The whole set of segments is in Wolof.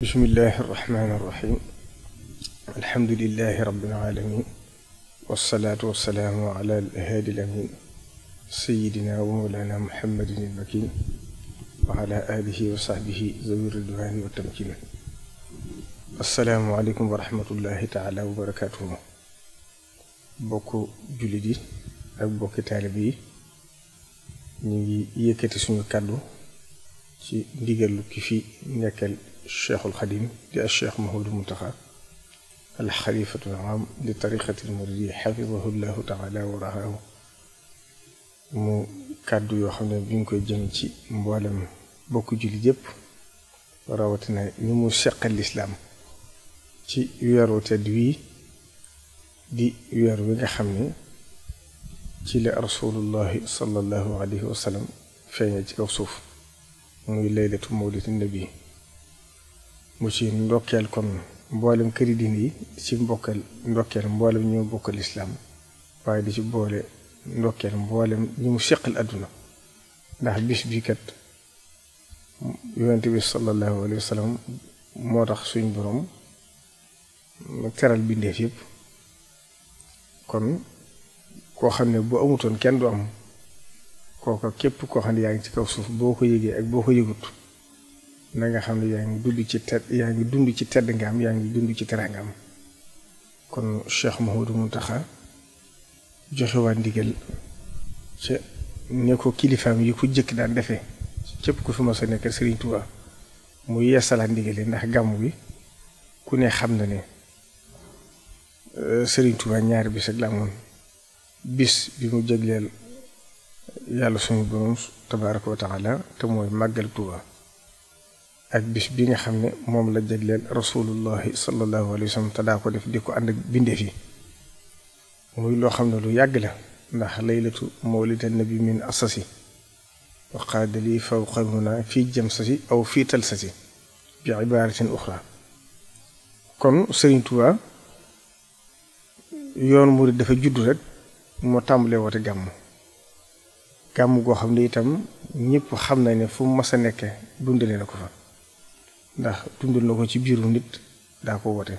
bismillahi irrahmani irrahim alhamdulilahi rabilalamin walsalaatu walsalaamu ala alhaadi lamin sayidina wa mawlana muhammadin ilmakin waala alihi wa saxbihi zawi ridwani wa tamkin assalaamu aleykum wa rahmatullahi taala wa barakatuhu bokk jullit yi ak bokki taalibe yi ñu ngi yëkkati suñu kàddu ci ndigalu ki fi nekkal cheikhul xadim di al cheikh Mouhamadou Mountakha al xalifatul aam li tariqatil muriidiyya xafidahu llahu taala wa raxaahu mu kàddu yoo xam ne bi ñu koy jëm ci mboolem bokk jullit yépp rawatina ñi mu seqal lislaam ci weeru tedd di weer wi nga xam ne ci la rasulullahi sallallahu alayhi feeñee ci kaw suuf muy laylatu mawlidin nabi mu ci ndokkeel kon mboolem këri diine yi ci mbokkal ndokkeel mboolem ñoo bokkal lislaam waaye di ci boole ndokkeel mboolem ñu mu seqal àdduna ndax bis bii kat yonent bi sallallahu alayhi wa moo tax suñ borom teral bindeef yëpp kon koo xam ne bu amutoon kenn du am kooka képp koo xam ne yaa ngi ci kaw suuf boo ko yëgee ak boo ko yëgut na nga xam ne yaa ngi dund ci tedd yaa ngi dund ci tedd nga am yaa ngi dund ci teraangam kon Cheikh Mouhamadou Mountakha joxe waa ndigal ca ne yi ko jëkk daan defe képp ko fi mos a nekk Serigne Touba mu yeesalaat ndigal ndax gàmmu bi ku ne xam na ne euh, Serigne Touba ñaar bis ak la amoon bis bi mu jégleel yàlla suñu borom tabaaraka wa taala te mooy màggal Touba. ak bis bi nga xam ne moom la jagleel rasulullahi sallallahu alayhi wa sallam te daa ko def di ko ànd ak bindeef yi muy loo xam ne lu yàgg la ndax laylatu mawlid annabi min asasi wa qaadali fawqa huna fii jamsasi aw fii talsasi bi ibaratin uxra kon Sëriñ Tuubaa yoon murid dafa juddu rek moo tàmbalee woote gàmmu gàmm goo xam ne itam ñëpp xam na ne fu mu mas a nekke dundale na ko fa ndax dundal na ko ci biiru nit daa ko wote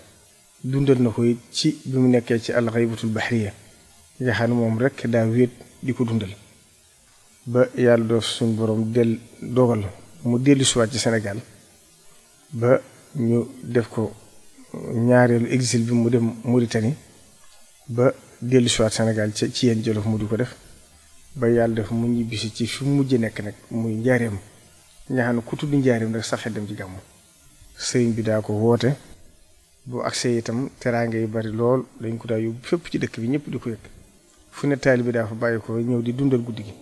dundal na ko ci bi mu nekkee ci alxaybatul baxriya nga xam ne moom rek daa wéet di dundal ba yàlla doof suñ borom del dogal mu dellu siwaat ci Sénégal ba ñu def ko ñaareelu exil bi mu dem Mauritanie ba dellu siwaat Sénégal ci ci yeen jolof mu di ko def ba yàlla def mu ñibbisi ci fi mujj nekk nag muy njaareem nga xam ne ku tudd njaareem rek saxee dem ci gàmm sëriñ bi daa ko woote bu agsee itam teraange yu bari lool dañ ko daa yóbbu fépp ci dëkk bi ñëpp di ko yëg fu ne taali bi daa fa bàyyi ko ñëw di dundal guddi gi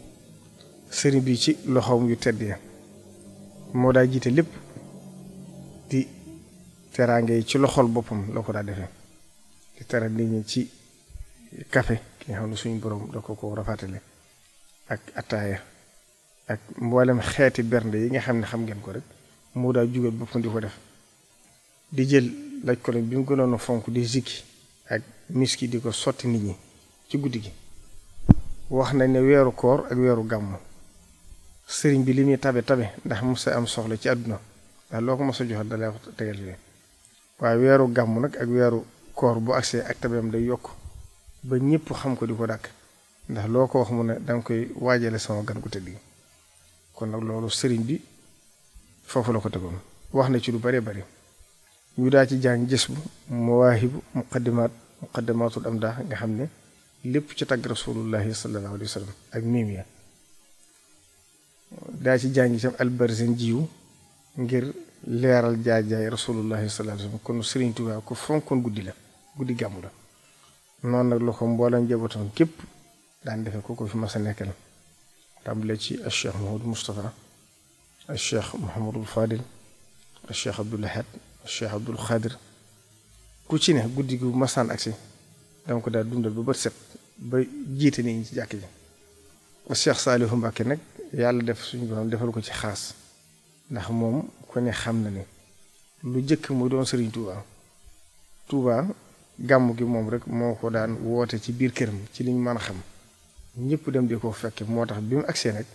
sëriñ bi ci loxoom yu tedd ya moo daa jiite lépp di teraange yi ci loxool boppam la ko daa defee di teral nit ci kafe ki nga xam ne suñu borom da ko ko rafatale ak ataaya ak mboolem xeeti bernde yi nga xam ne xam ngeen ko rek moo daa jugal boppam di ko def di jël laj ko bi mu gënoon a fonk di zikki ak miski di ko sotti nit ñi ci guddi gi wax nañ ne weeru koor ak weeru gàmmu sëriñ bi li muy tabe tabe ndax mu a am soxla ci àdduna ndax loo ko mos sa joxe dala weeru gàmmu nag ak weeru koor bu agsee ak tabeem day yokk ba ñëpp xam ko di ko dàkk ndax loo ko wax mu ne danga koy waajale sama gan gu tëdd kon nag loolu sëriñ bi foofu la ko tegoon wax na ci lu bare bare ñu daa ci jàng gis bu mawaahibu muqaddimaat muqaddimaatul amdaax nga xam ne lépp ci tagg rasulullahi sallallahu alayhi ak miim ya ci jàng itam albarzin jiw ngir leeral jaajaay rasulullahi sallallahu alayhi wa sallam kon Serigne Touba ko fonkoon guddi la guddi gàmmu la noonu nag loxo mboolem njabootam képp daan defee ko ko fi mas a nekkal tàmbale ci al cheikh Mouhamadou Moustapha al cheikh Mouhamadou Fadil al cheikh Abdoul Cheikh Abdul Xaadir ku ci ne guddi gi bu masaan agsi dama ko daal dundal ba bët set ba jiite nit ñi ci jàkk ji ba Cheikh Saalihu Mbàkke nag yàlla def suñu borom defal ko ci xaas ndax moom ku ne xam na ni lu jëkk muy doon sëriñ Touba Touba gàmm gi moom rek moo ko daan woote ci biir mi ci liñ mën a xam ñëpp dem di ko fekke moo tax bi mu agsee nag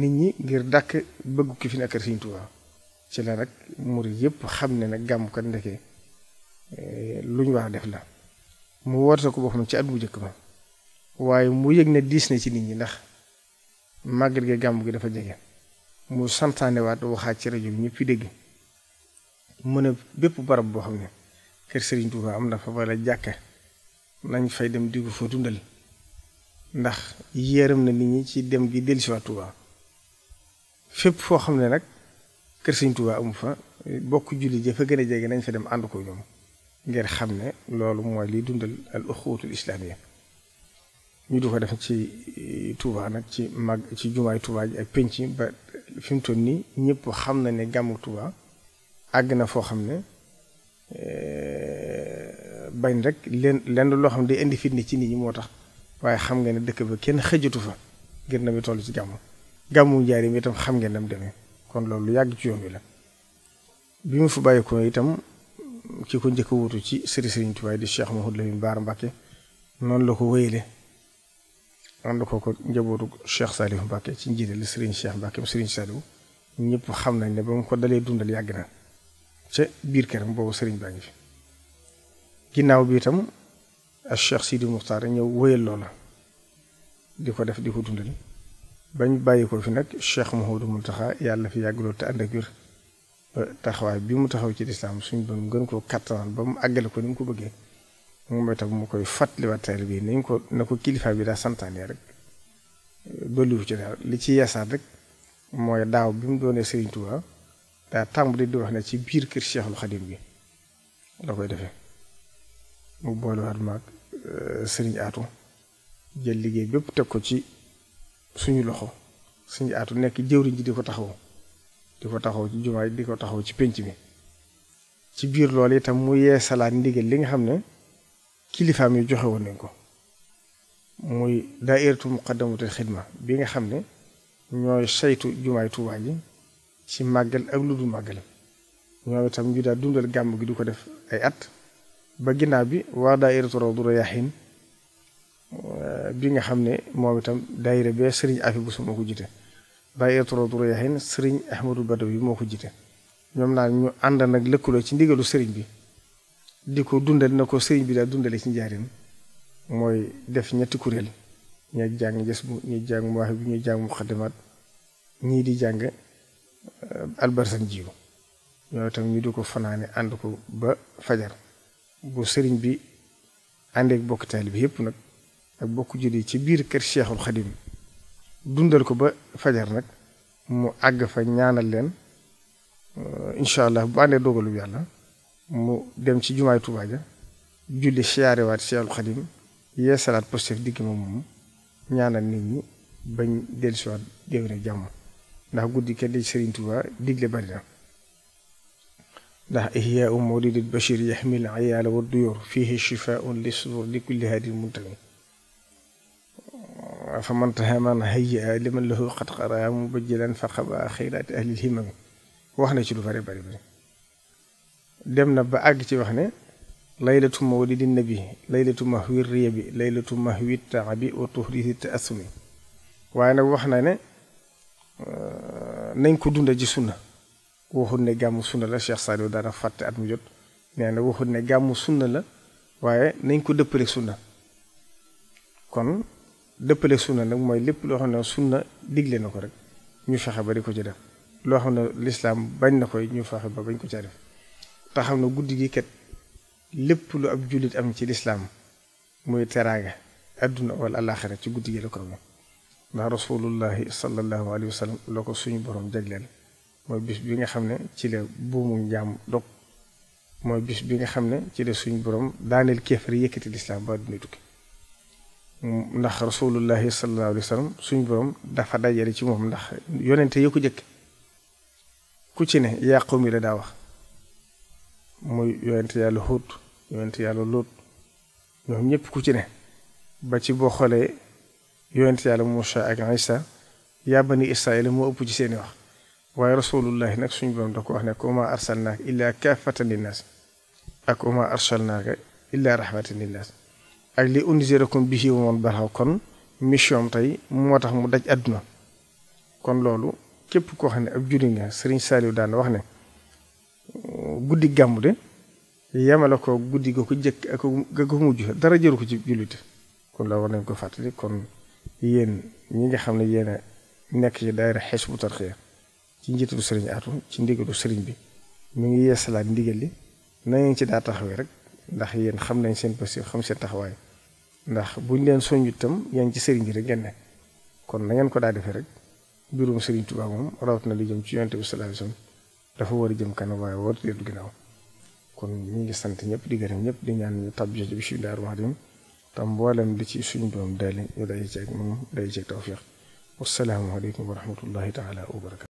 nit ñi ngir dàkk bëgg ki fi nekkal sëriñ Touba ci la nag murid yëpp xam ne nag gàmm kat ndeke eh, lu ñu wax def la mu woote ko boo xam ne ci at bu njëkk ba waaye mu yëg ne diis na ci nit ñi ndax màgget gi gàmbu gi dafa jege mu santaanewaat waxaat ci rajo bi ñëpp dégg mu ne bépp barab boo xam ne kër Serigne Touba am na fa wala jàkka nañ fay dem diggu fa dundal ndax yéeram na nit ñi ci dem gi dellusiwaat Touba fépp foo xam ne nag kër sëñ tubaa amu fa bokk julli ja fa gën a jege nañ fa dem ànd ko ñoom ngir xam ne loolu mooy liy dundal al uxuwatul islaamiya ñu du ko def ci eh, Touba nag ci mag ci jumaay tubaa ji ak penc ba fi mu toll nii ñëpp xam na ne gàmmu tubaa àgg na foo xam ne eh, bañ rek lenn lenn loo xam ne day indi fitna ci nit ñi moo tax waaye xam nga ne dëkk ba kenn xëjatu fa ngir na mi toll ci gàmmu gàmmu njaari mi itam xam ngeen nam demee kon loolu lu yàgg ci yoon wi la bi mu fi bàyyikoo itam ki ko njëkk wutu ci sëriñ Sëriñ Tuubaa di Cheikh la Lamine Bara Mbacké noonu la ko wéyale ànd ko ko njabootu Cheikh Salif Mbacké ci njiital sëriñ Cheikh Mbacké mu sëriñ Saliou ñëpp xam nañ ne ba mu ko dalee dundal yàgg na ca biir këram boobu sëriñ baa ngi fi ginnaaw bi itam ak Cheikh Sidi Muxtaar ñëw wéyal loola di ko def di ko dundal bañ bàyyi ko fi nag Cheikh Mouhamadou Mountakha yàlla fi yàggaloo te ànd ak wér ba taxawaay bi mu taxaw ci lislaam suñ doon gën koo kattanal ba mu àggale ko ni mu ko bëggee moom itam mu koy fàttaliwaat taal bi nañ ko na ko bi daa santaane rek ba lu li ci yeesaat rek mooy daaw bi mu doonee Serigne Touba daa tàmbali di wax ne ci biir kër Cheikhul Khadim bi la koy defee mu boolewaat maag euh, Serigne Atou jël liggéey bépp teg ko ci. suñu loxo suñu aatu nekk jëwriñ ji di ko taxaw di ko taxaw ci jumaa di ko taxaw ci pénc mi ci biir loolu itam mu yee salaat ndigal li nga xam ne kilifaam yi joxewoon woon nañ ko muy daairatu muqaddamatul xidma bii nga xam ne ñooy saytu jumaay Tuubaa ji ci màggal ak lu dul màggal ñoom itam ñu daal dundal gàmm gi du ko def ay at ba ginnaaw bi waa daairatu rawdu rayaahiin bi nga xam ne moom itam daayira bee sëriñ afi bu su ko jite bàyyi etrodro yaxin sëriñ ahmadu bado bi moo ko jite ñoom naa ñu ànd nag lëkkaloo ci ndigalu sëriñ bi di ko dundal na ko sëriñ bi daa dundale ci njaarim mooy def ñetti kuréel ña jàng ñu jàng mu wax bi ñu jàng ñii di jàng euh, albarsan jiw ñoo itam ñu di ko fanaane ànd ko ba fajar bu sëriñ bi àndeek bokk taalibe bi yëpp nag ak bokk julli ci biir kër Cheikhul Khadim dundal ko ba fajar nag mu àgg fa ñaanal leen euh, incha allah bu àndee dogalu yàlla mu dem ci jumaay Tuubaa ja julli siyaarewaat Cheikhul Khadim yee salaat positif digg ma moom ñaanal nit ñi bañ dellusiwaat déwéne jàmm ndax guddi kenn di Serigne Touba digle bari na ndax ihyaau mawlidil bashir yaxmil ayaala wa duyóor fihi shifaun li sudur li kulli haadin muntami ay فمن تهامان هيئ لمن له قد قرا مبجلا فقبا خيرات أهل الهمم wax na ci lu bari bari bari dem na ba àgg ci wax ne laylatu mawlidi nabi laylatu mahwi riya bi laylatu mahwi taabi wa tuhrihi taasumi waaye nag wax na ne nañ ko dunda ci sunna waxul ne gàmmu sunna la Cheikh Saliou daana fàtte at mu jot nee na waxul ne gàmmu sunna la waaye nañ ko dëppale sunna kon dëppale sunna nag mooy lépp loo xam ne sunna digle na ko rek ñu fexe ba di ko ci def loo xam ne lislaam bañ na koy ñu fexe ba bañ ko ca def te xam ne guddi gi kat lépp lu ab jullit am ci lislaam muy teraanga adduna walla alaxira ci guddi gi la ko amee ndax rasulullahi sallallahu alayhi wa sallam loo ko suñu borom jagleel mooy bis bi nga xam ne ci la buumu njaam dog mooy bis bi nga xam ne ci la suñu borom daaneel kéefar yëkkati lislaam ba adduna ndax rasulullahi sallallahu alayhi wa sallam suñu borom dafa dajale ci moom ndax yonente yi ko jëkk ku ci ne yaa qawmi la daa wax muy yonente yàlla Huud yonente yàlla Luut ñoom ñëpp ku ci ne ba ci boo xoolee yonente yàlla Muusa ak Isa yaa bani Israayiila moo ëpp ci seeni wax waaye rasulullahi nag suñu borom da ko wax ne ko ma arsalnaaka illaa kaafatan linnaas ak ko ma arsalnaaka illaa rahmatan ak li unzirakum bihi wa man balagha kon mission tey moo tax mu daj àdduna kon loolu képp koo xam ne ak julli nga sëriñ Saliou daan wax ne guddi gàmmu de yemale ko guddi ga ko jëkk ak ga ko mujj dara jëru ko ci jullite kon la war nañ ko fàttali kon yéen ñi nga xam ne yéen nekk ci daayira Hizbut Tarqiyyah ci njiitalu sëriñ atu ci ndigalu sëriñ bi mu ngi yeesalaat ndigal li na ngeen ci daa taxawee rek ndax yéen xam nañ seen positif xam seen taxawaay ndax buñ leen soññ itam yaa ngi ci sëriñ bi rek ngeen ne kon na ngeen ko daa defee rek mbirum sëriñ Tuubaa moom rawat na li jëm ci yonent bi sallallahu alayhi dafa war a kanam waaye war a du ginnaaw kon ñu ngi sant ñëpp di gërëm ñëpp di ñaan ñu tàbbi ci bismillahir rahmanir rahim tam mboolem di ci suñu doom daali ñu day ceeg moom day ceeg tawfiq wassalaamu aleykum wa rahmatullahi taala wa barakatu